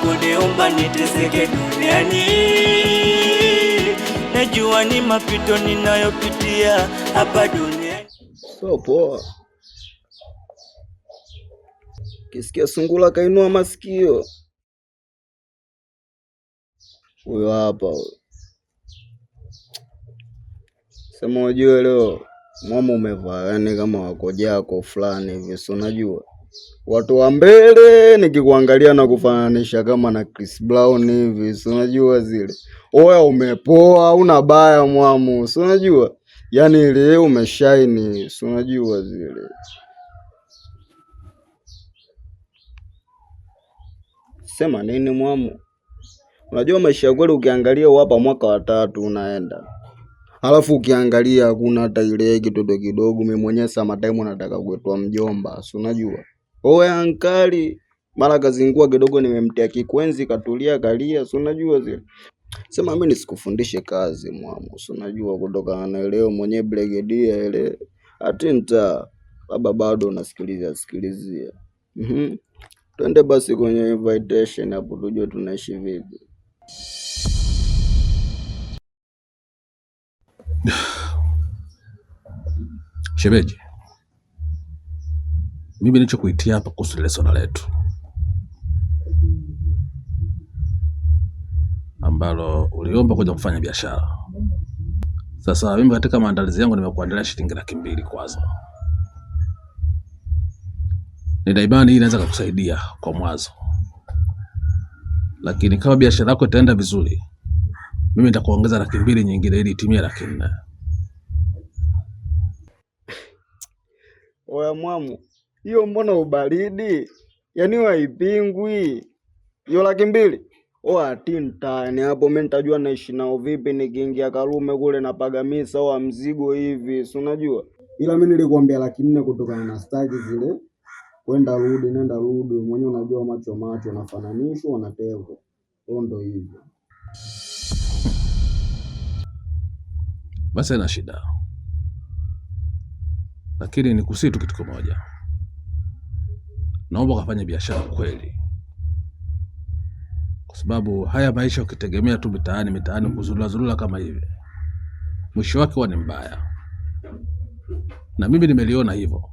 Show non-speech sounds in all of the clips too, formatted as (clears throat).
kuniumba niteseke duniani. Najua ni mapito ninayopitia hapa duniani. So poa, kisikia sungula kainua masikio. Huyo hapa sema, ujue leo mwama umevaa yani kama wako jako fulani hivi, si unajua watu wa mbele nikikuangalia na kufananisha kama na Chris Brown hivi, si unajua zile, oya umepoa, una baya mwamu, si unajua yani ile umeshaini, si unajua zile sema nini mwamu. Unajua maisha kweli ukiangalia hapa mwaka wa tatu unaenda Halafu ukiangalia hakuna hata ile kidogo kidogo. Mimi mwenyewe sama time nataka kuitwa mjomba, si unajua oe ankali, mara kazingua kidogo, nimemtia kikwenzi, katulia kalia, si unajua zile. Sema mimi nisikufundishe kazi mwamu, si unajua kutoka na leo mwenye bregedia ile. Atinta baba bado unasikiliza sikilizia. Mhm. Mm, twende basi kwenye invitation hapo tujue tunaishi vipi. Shemeji, mimi nilichokuitia hapa kuhusu lile swala letu ambalo uliomba kuja kufanya biashara. Sasa mimi katika maandalizi yangu nimekuandalia shilingi laki mbili kwanza. Nina imani hii inaweza kukusaidia kwa mwanzo, lakini kama biashara yako itaenda vizuri, mimi nitakuongeza laki mbili nyingine ili itimie laki nne. Oya mwamu, hiyo mbona ubaridi? Yaani waipingwi hiyo laki mbili oatintani hapo. Mimi nitajua naishi nao vipi nikiingia Karume kule na pagamisa wa mzigo hivi, si unajua? Ila mimi nilikwambia laki nne kutokana na staki zile, kwenda rudi, nenda rudi, mwenye unajua, macho macho nafananishwa, wanategwa ondo hivyo basi, na shida lakini ni kusitu kitu kimoja naomba ukafanya biashara kweli, kwa sababu haya maisha ukitegemea tu mitaani mitaani kuzurulazurula kama hivi, mwisho wake huwa ni mbaya, na mimi nimeliona hivyo.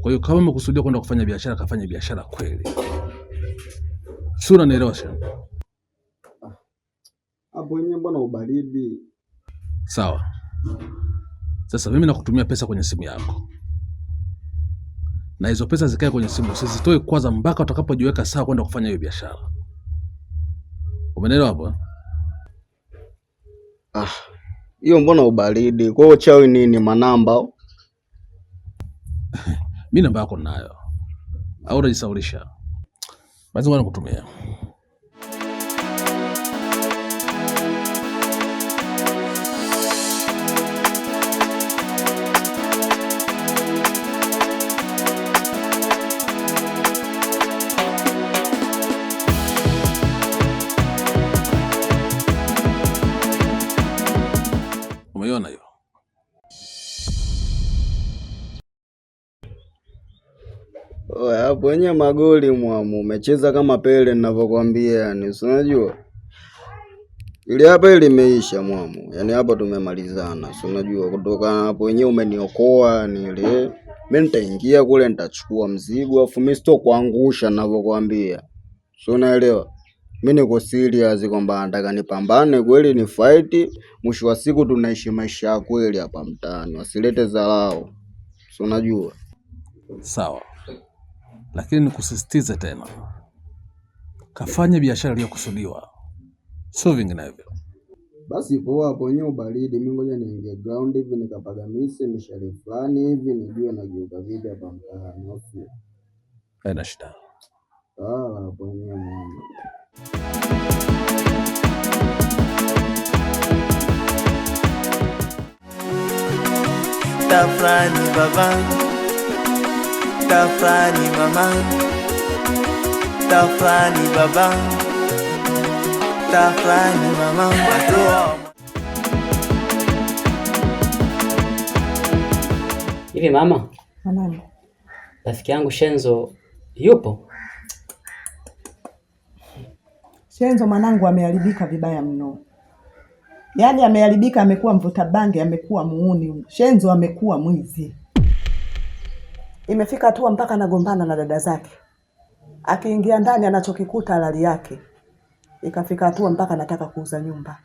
Kwa hiyo kama umekusudia kwenda kufanya biashara, kafanya biashara kweli, si unanielewa? Hapo yenyewe mbona ubaridi sawa. Sasa mimi nakutumia pesa kwenye simu yako na hizo pesa zikae kwenye simu, usizitoe kwanza mpaka utakapojiweka sawa kwenda kufanya hiyo biashara. Umeelewa hapo? Ah, hiyo mbona ubaridi? Kwa hiyo chawi nini manamba? Mimi (laughs) namba yako nayo. au unajisaulisha? Basi ngoja nikutumia. kwenye magoli mwamu umecheza kama Pele ninavyokuambia, yani si unajua ili hapa ili imeisha mwamu, yaani hapa tumemalizana, si unajua. Kutoka hapo wenyewe umeniokoa nile, mimi nitaingia kule nitachukua mzigo, afu mimi kuangusha ninavyokuambia, si unaelewa. Mimi niko serious kwamba nataka nipambane kweli, ni fight. Mwisho wa siku tunaishi maisha ya kweli hapa mtaani, wasilete dharau, si unajua. Sawa. So lakini nikusisitize tena, kafanye biashara iliyokusudiwa, sio vinginevyo. Basi poa, ponye ubaridi. Mimi ngoja niingie ground hivi nikapagamise mishale fulani hivi nijue jiuka vipi hapa mtaani, hofu haina eh, shida. Ah, ponye tafrani baba tafani mama, tafani baba, tafani mama watoa. Hivi mama, rafiki yangu Shenzo yupo? Shenzo mwanangu ameharibika vibaya mno, yaani ameharibika, amekuwa mvuta bange amekuwa muuni. Shenzo amekuwa mwizi Imefika hatua mpaka anagombana na dada zake, akiingia ndani anachokikuta halali yake. Ikafika hatua mpaka anataka kuuza nyumba. (laughs)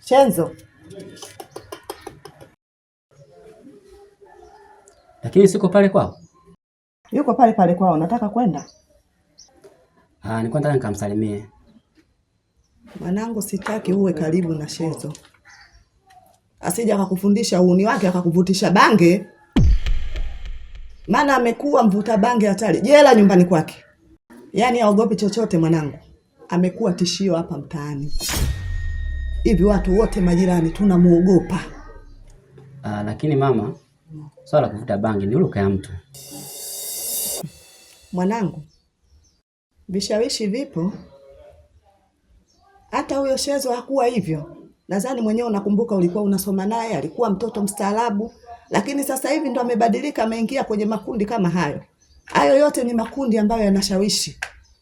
Chenzo, lakini siko pale kwao, yuko pale pale kwao. Nataka kwenda Ah, ni kwenda nikamsalimie mwanangu. Sitaki uwe karibu na Shezo, asija akakufundisha uuni wake akakuvutisha bange maana amekuwa mvuta bange hatari, jela nyumbani kwake, yaani haogopi chochote. Mwanangu amekuwa tishio hapa mtaani hivi, watu wote majirani tunamwogopa. Ah, lakini mama, swala la kuvuta bangi ni luka ya mtu. Mwanangu, vishawishi vipo. Hata huyo Shezo hakuwa hivyo. Nadhani mwenyewe unakumbuka, ulikuwa unasoma naye, alikuwa mtoto mstaarabu lakini sasa hivi ndo amebadilika, ameingia kwenye makundi kama hayo. Hayo yote ni makundi ambayo yanashawishi.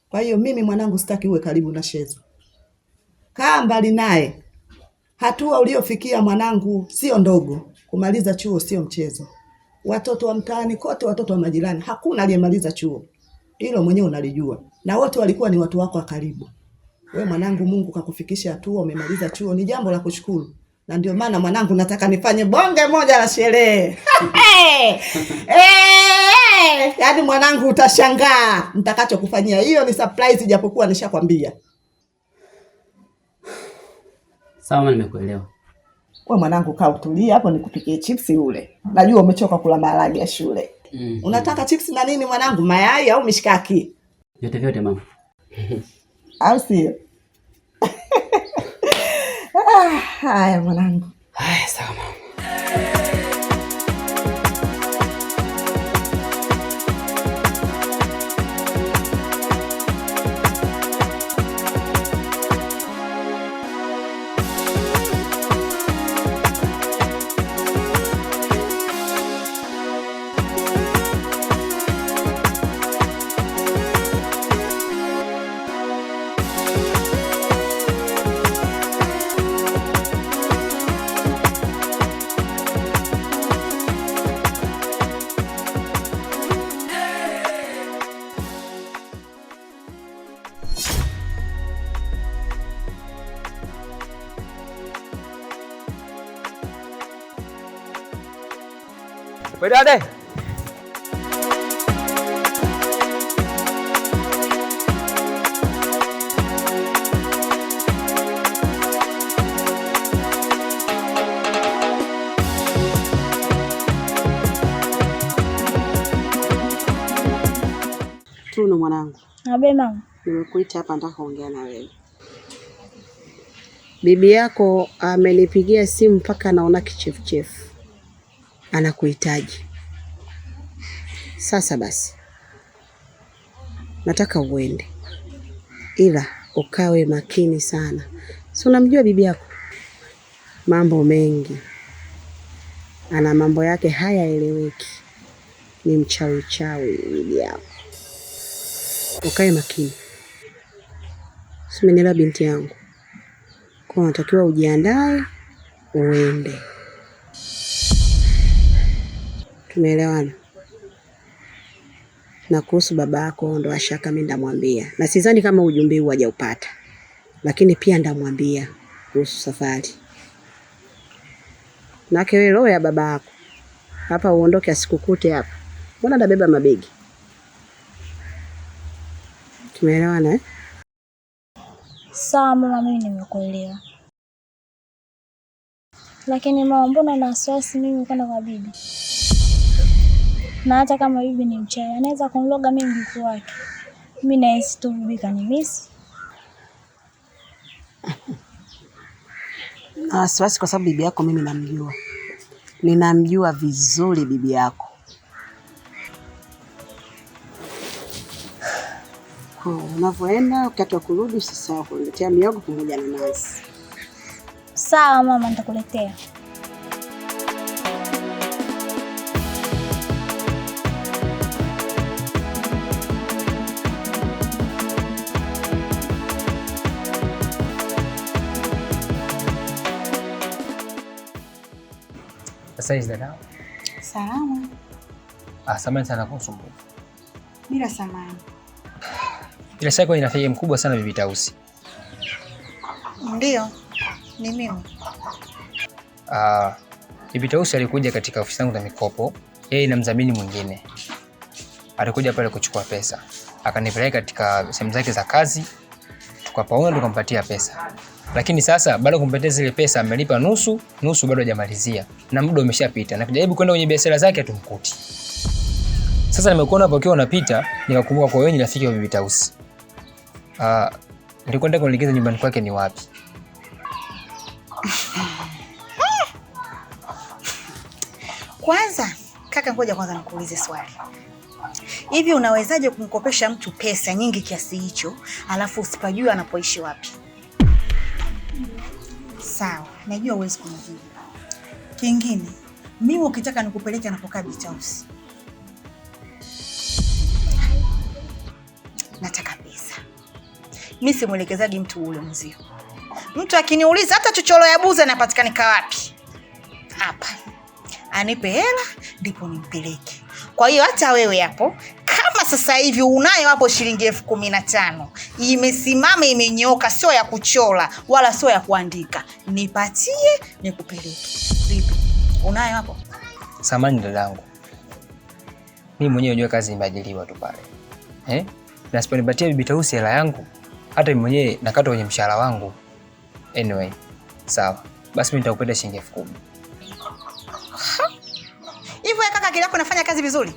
Kwa hiyo mimi mwanangu sitaki uwe karibu na Shezo. Kaa mbali naye. Hatua uliofikia mwanangu sio ndogo. Kumaliza chuo sio mchezo. Watoto wa mtaani kote, watoto wa majirani, hakuna aliyemaliza chuo. Hilo mwenyewe unalijua, na wote walikuwa ni watu wako wa karibu. We mwanangu, Mungu kakufikisha hatua, umemaliza chuo, ni jambo la kushukuru na ndio maana mwanangu, nataka nifanye bonge moja la sherehe (laughs) eh! (laughs) Eh! yaani mwanangu, utashangaa nitakachokufanyia. Hiyo ni surprise, japokuwa nishakwambia. Sawa, nimekuelewa. We mwanangu, kaa utulie hapo, nikupikie chipsi ule. Najua umechoka kula maharage ya shule. mm -hmm. Unataka chipsi na nini mwanangu, mayai au mishikaki? Vyote vyote mama, au sio? (laughs) Ah, haya mwanangu, haya sawa mama. പോയിട്ട് അതെ Tunu mwanangu. Abe mama. Nimekuita hapa nataka kuongea na wewe. Bibi yako amenipigia simu mpaka anaona kichefuchefu anakuhitaji. Sasa basi, nataka uende, ila ukawe makini sana. Si unamjua bibi yako, mambo mengi ana mambo yake hayaeleweki, ni mchawi chawi bibi yako. Ukae makini, simenela binti yangu? Kwa unatakiwa ujiandae uende. Tumeelewana. Na kuhusu baba yako ndo Ashaka, mimi ndamwambia, na sidhani kama ujumbe huu hajaupata, lakini pia ndamwambia kuhusu safari nake. Wewe roho ya baba yako hapa, uondoke asikukute hapa. Mbona ndabeba mabegi? Tumeelewana eh? Sawa mama, mimi nimekuelewa. Lakini mama, mbona na wasiwasi mimi kwenda kwa bibi? na hata kama hivi ni mchana anaweza kumloga mimi mjukuu wake. Mimi nahisi tu bibi kanimisi (laughs) na wasiwasi, kwa sababu bibi yako mimi namjua, ninamjua vizuri bibi yako. (sighs) Unavyoenda wakati wa kurudi, sasa kuletea miogo pamoja na nasi. Sawa mama, nitakuletea. Sasa hizi dada. Salama. Ah, samahani sana kwa usumbufu. Bila samahani. Bila shaka ina faida mkubwa sana bibi Tausi. Ndio, ni mimi. Ah, bibi Tausi alikuja katika ofisi yangu za mikopo. Yeye na mzamini mwingine alikuja pale kuchukua pesa, akanipeleka katika sehemu zake za kazi, tukapaona, tukampatia pesa lakini sasa baada kumpatia zile pesa amelipa nusu, nusu bado hajamalizia na muda umeshapita, na kujaribu kwenda kwenye biashara zake atumkuti. Sasa nimekuona hapo ukiwa unapita, nikakumbuka kwa wewe ni rafiki wa Bibi Tausi. Ah, nilikwenda kuelekeza nyumbani kwake ni wapi? (laughs) Kwanza kaka, ngoja kwanza nikuulize swali. Hivi unawezaje kumkopesha mtu pesa nyingi kiasi hicho, alafu usipajue anapoishi wapi? Sawa, najua huwezi kunijibu. Kingine, mimi ukitaka nikupeleke anapokaa House. nataka pesa. Mi simwelekezaji mtu ule mzio, mtu akiniuliza hata chochoro ya buza napatikanika wapi, hapa anipe hela ndipo nimpeleke. Kwa hiyo hata wewe hapo sasa hivi unayo hapo shilingi elfu kumi na tano imesimama imenyoka sio ya kuchola wala sio ya kuandika. Nipatie nikupeleke. Vipi, unayo hapo? Samani dadangu, mimi mwenyewe unajua kazi imeajiliwa tu pale eh? na siponipatia bibi Tausi hela yangu, hata mimi mwenyewe nakata kwenye mshahara wangu. Anyway, sawa basi, mimi nitakupenda shilingi elfu kumi. Hivyo kaka, kilako yako kazi vizuri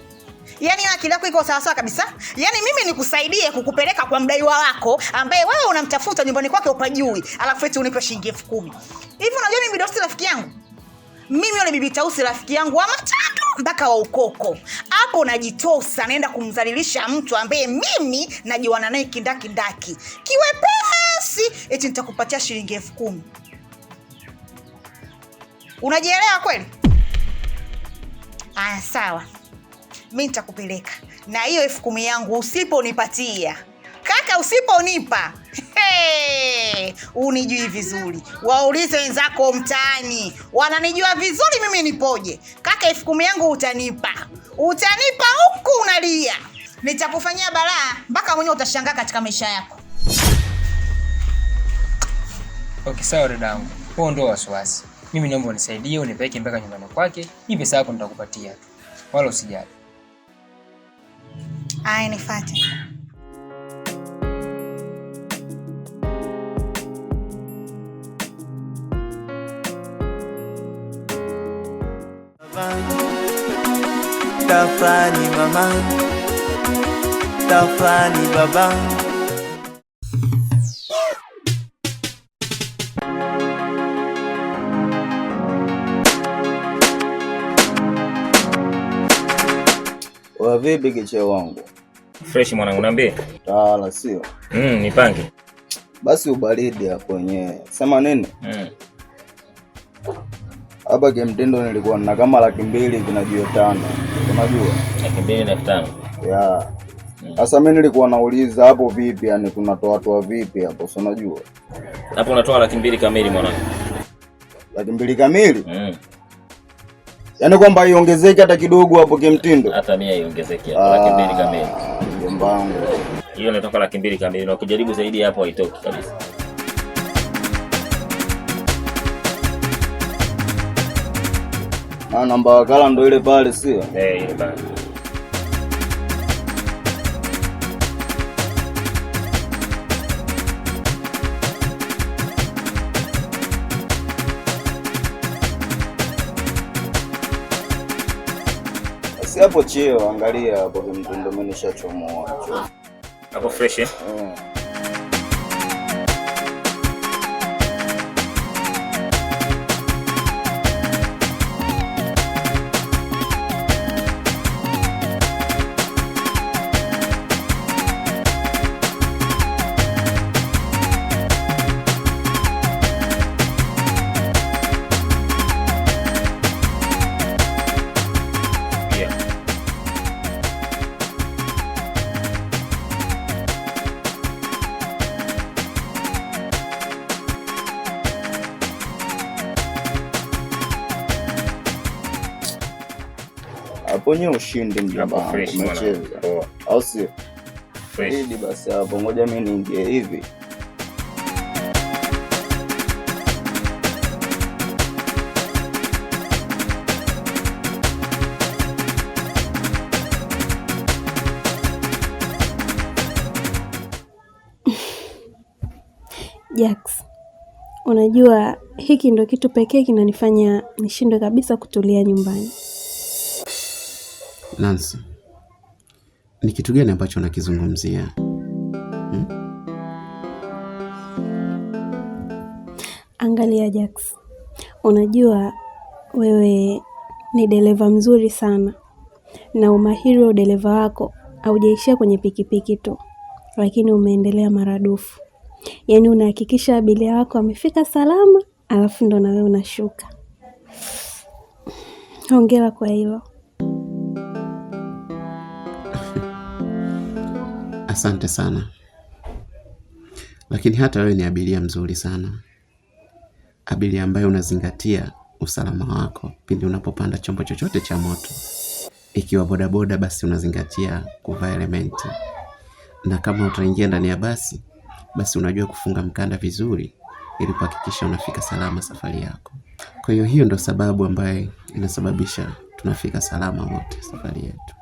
Yaani akili yako iko sawasawa kabisa. Yaani mimi nikusaidie kukupeleka kwa mdaiwa wako ambaye wewe unamtafuta nyumbani kwake upajui, alafu eti unipe shilingi elfu kumi hivi. Unajua mimi Dotty rafiki yangu mimi yule bibi Tausi rafiki yangu wa matatu mpaka wa ukoko hapo, najitosa naenda kumdhalilisha mtu ambaye mimi najuana naye kindakindaki kiwepesi, eti nitakupatia shilingi elfu kumi. Unajielewa kweli? Aya, sawa mi nitakupeleka na hiyo elfu kumi yangu usiponipatia kaka, usiponipa hey, unijui vizuri, waulize wenzako mtaani, wananijua vizuri mimi nipoje. Kaka, elfu kumi yangu utanipa, utanipa huku unalia, nitakufanyia balaa mpaka mwenyewe utashangaa katika maisha yako. Okay, sawa dadangu, huo ndio wasiwasi. Mimi naomba unisaidie, unipeke mpaka nyumbani kwake, hivi pesa yako nitakupatia tu, wala usijali. Haya, nifuate. Tafani mama, tafani baba. Wavipi kicheo wangu? Fresh mwanangu, niambie. Tawala sio? Mm, nipange. Basi ubaridi ya kwenye Sema nini? Mm. Hapa kimtindo nilikuwa na kama laki mbili kuna jio tano. Unajua? Laki mbili na elfu tano. Yeah. Mm. Sasa mimi nilikuwa nauliza hapo vipi, yani tunatoa toa vipi hapo, si unajua? Hapo unatoa laki mbili kamili mwanangu. Laki mbili kamili? Mm. Yaani kwamba iongezeke hata kidogo hapo kimtindo. Hata mimi iongezeke hapo ah. laki mbili kamili wangu. Hiyo inatoka laki mbili kamili na ukijaribu zaidi hapo haitoki kabisa. Na namba wakala ndo ile pale, sio? Eh, ile pale. japo cheo, angalia hapo, ndio mtu ndio mwenye shachomoa hapo fresh eh. Mm. kwenye ushindi mjomba wangu, umecheza oh. au sio? Fredi basi hapo, ngoja mi niingie hivi (sighs) Jax, unajua hiki ndo kitu pekee kinanifanya nishindwe kabisa kutulia nyumbani. Nancy, ni kitu gani ambacho unakizungumzia hmm? Angalia Jax, unajua wewe ni dereva mzuri sana na umahiri wa udereva wako haujaishia kwenye pikipiki tu, lakini umeendelea maradufu. Yaani unahakikisha abiria wako amefika salama, alafu ndo wewe unashuka. Hongera kwa hilo. asante sana. Lakini hata wewe ni abiria mzuri sana, abiria ambaye unazingatia usalama wako pindi unapopanda chombo chochote cha moto. Ikiwa bodaboda, basi unazingatia kuvaa elementi, na kama utaingia ndani ya basi, basi unajua kufunga mkanda vizuri, ili kuhakikisha unafika salama safari yako. Kwa hiyo hiyo ndo sababu ambayo inasababisha tunafika salama wote safari yetu.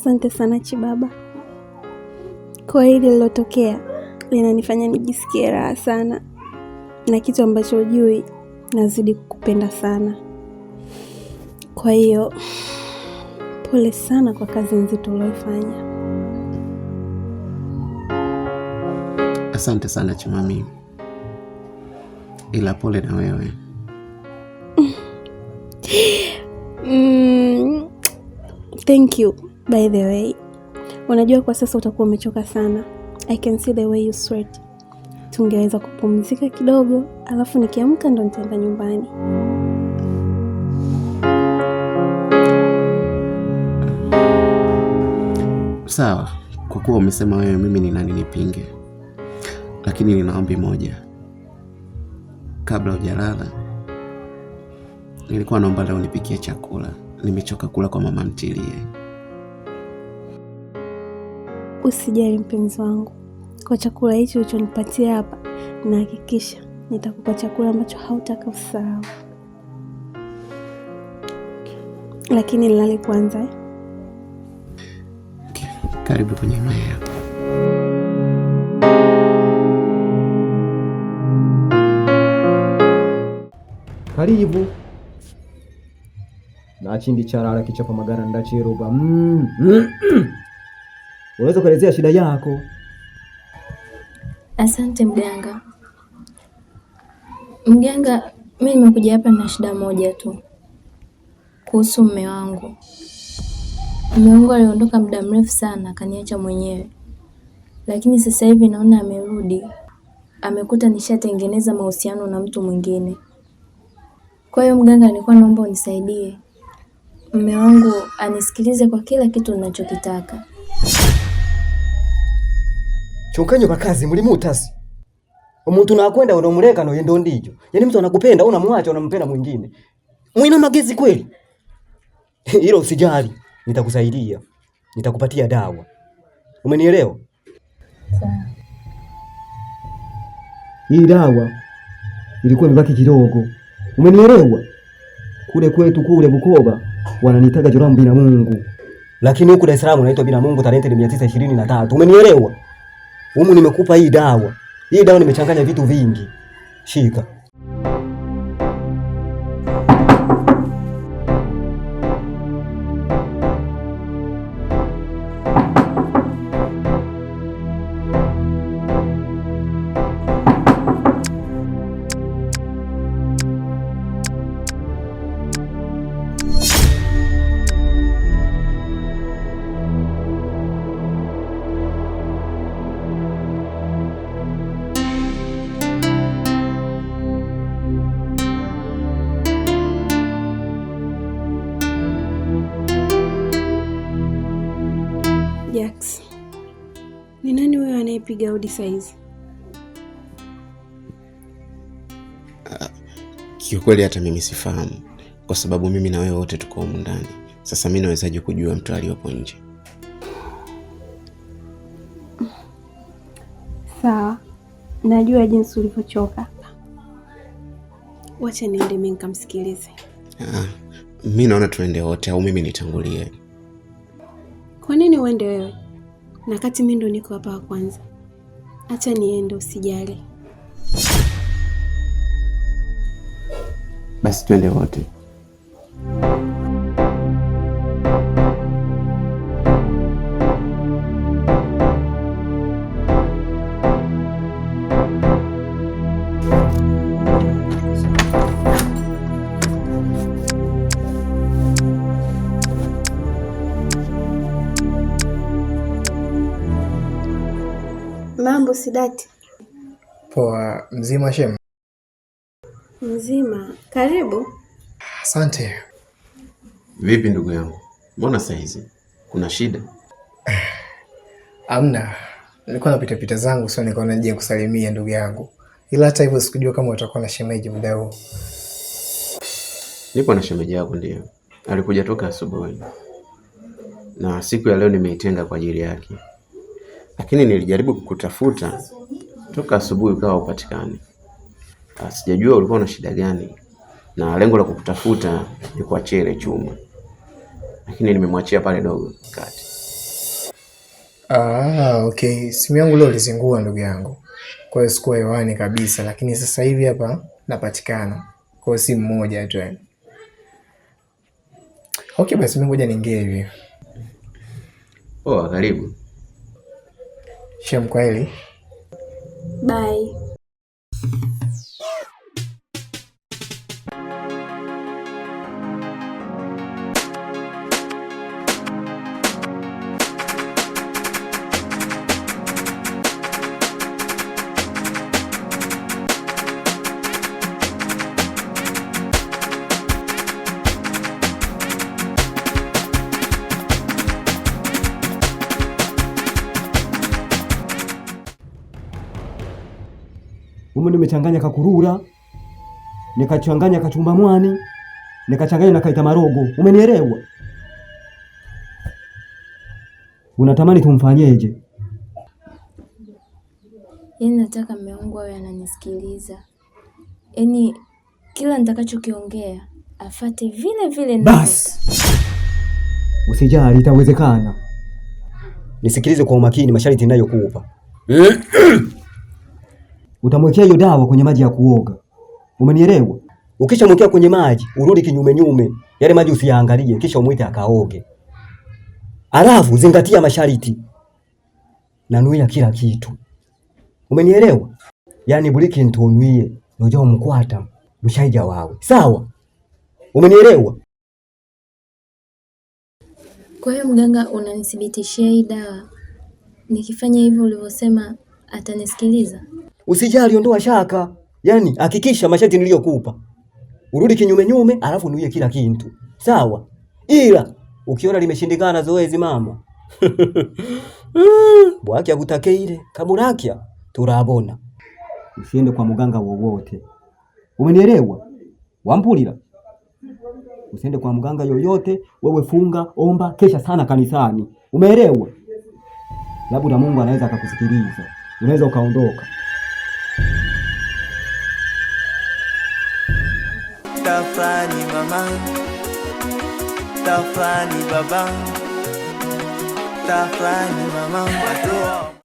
Asante sana Chibaba kwa hili lilotokea, linanifanya nijisikie raha sana, na kitu ambacho hujui, nazidi kukupenda sana. Kwa hiyo pole sana kwa kazi nzito ulioifanya. Asante sana chimami ila pole na wewe. Thank you by the way. Unajua kwa sasa utakuwa umechoka sana. I can see the way you sweat. Tungeweza kupumzika kidogo, alafu nikiamka ndo nitaenda nyumbani. Sawa, kwa kuwa umesema wewe, mimi ni nani nipinge? Lakini nina ombi moja, kabla hujalala, nilikuwa naomba leo nipikie chakula limechoka kula kwa mama ntilie. Usijali mpenzi wangu, kwa chakula hicho ulichonipatia hapa, nahakikisha nitakupa chakula ambacho hautaka usahau, lakini nilale kwanza eh? Karibu kwenye maya karibu achindi charara kichapa magara ndachiruba mm, mm, mm. Unaweza kuelezea shida yako? Asante mganga. Mganga, mimi nimekuja hapa na shida moja tu kuhusu mume wangu. Mume wangu aliondoka muda mrefu sana, akaniacha mwenyewe, lakini sasa hivi naona amerudi, amekuta nishatengeneza mahusiano na mtu mwingine. Kwa hiyo mganga, nilikuwa naomba unisaidie Mume wangu anisikilize kwa kila kitu ninachokitaka. kwa kazi mlimu utasi umuntu nakwenda unamuleka no yendo ndijo. yani mtu anakupenda unamwacha unampenda mwingine. Mwina magezi kweli? Hilo (laughs) usijali, nitakusaidia. Nitakupatia dawa. Umenielewa? Sawa. Hii dawa ilikuwa imebaki kidogo. Umenielewa? Kule kwetu kule Bukoba wananitaga Joram mungu lakini huku Dar es Salaam unaitwa bina Mungu mia tisa ishirini na tatu. Umenielewa? Humu nimekupa hii dawa, hii dawa nimechanganya vitu vingi, shika. anayepiga hodi saizi. Kiukweli hata mimi sifahamu, kwa sababu mimi na wewe wote tuko humu ndani. Sasa mi nawezaje kujua mtu aliyopo nje? Sawa, najua jinsi ulivyochoka. Wacha niende mi nikamsikilize. Ah, mi naona tuende wote au mimi nitangulie? Kwa nini uende wewe? na kati mimi ndo niko hapa wa kwanza. Acha niende, usijali. Basi twende wote. au Sidati? Poa, mzima Shem? Mzima. Karibu. Asante. Vipi ndugu yangu, mbona saa hizi kuna shida? Amna, nilikuwa pita zangu, sio nikaona nije kusalimia ndugu yangu, ila hata hivyo sikujua kama utakuwa na shemeji muda huu. Nipo na shemeji yako, ndio alikuja toka asubuhi, na siku ya leo nimeitenga kwa ajili yake lakini nilijaribu kukutafuta toka asubuhi, ukawa upatikani. Ah, sijajua ulikuwa na shida gani, na lengo la kukutafuta ni kuachia ile chuma, lakini nimemwachia pale dogo kati. Ah, okay. Simu yangu leo ilizingua ndugu yangu, kwa hiyo sikuwa hewani kabisa, lakini sasa hivi hapa napatikana, kwa hiyo simu moja tu. Okay, basi mimi ngoja niingie hivi. Oh, karibu. sio mkweli. Bye. Kumbe nimechanganya kakurura, nikachanganya kachumba mwani, nikachanganya na kaita marogo. Umenielewa? Unatamani tumfanyeje? Yaani nataka mume wangu awe ananisikiliza, yani kila nitakachokiongea afate vile vile. Basi usijali, itawezekana. Nisikilize kwa umakini masharti ninayokupa eh? (clears throat) utamwekea hiyo dawa kwenye maji ya kuoga, umenielewa? mwekea kwenye maji urudi kinyume nyume, yale maji usiyaangalie, kisha umwite akaoge. Alafu zingatia mashariti nanuia kila kitu, umenielewa? Yaani buliki kintu onwie noja umkwata mshaija wawe sawa, umenielewa? Kwa hiyo mganga, unanithibitishia hii dawa nikifanya hivyo ulivyosema atanisikiliza? Usijali, ondoa shaka. Yaani hakikisha masharti niliyokupa. Urudi kinyume nyume, alafu nuiye kila kitu. Sawa? Ila ukiona limeshindikana zoezi mama. (laughs) Bwaki akutake ile kaburakia turabona. Usiende kwa mganga wowote. Umenielewa? Wampulira. Usiende kwa mganga yoyote, wewe funga, omba, kesha sana kanisani. Umeelewa? Labda Mungu anaweza akakusikiliza. Unaweza ukaondoka. tafani mama, tafani baba, tafani mama.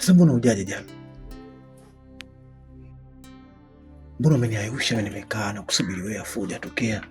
Sasa mbona ujaje jana? Mbona umeniausha nimekaa na kusubiri wewe afu hujatokea?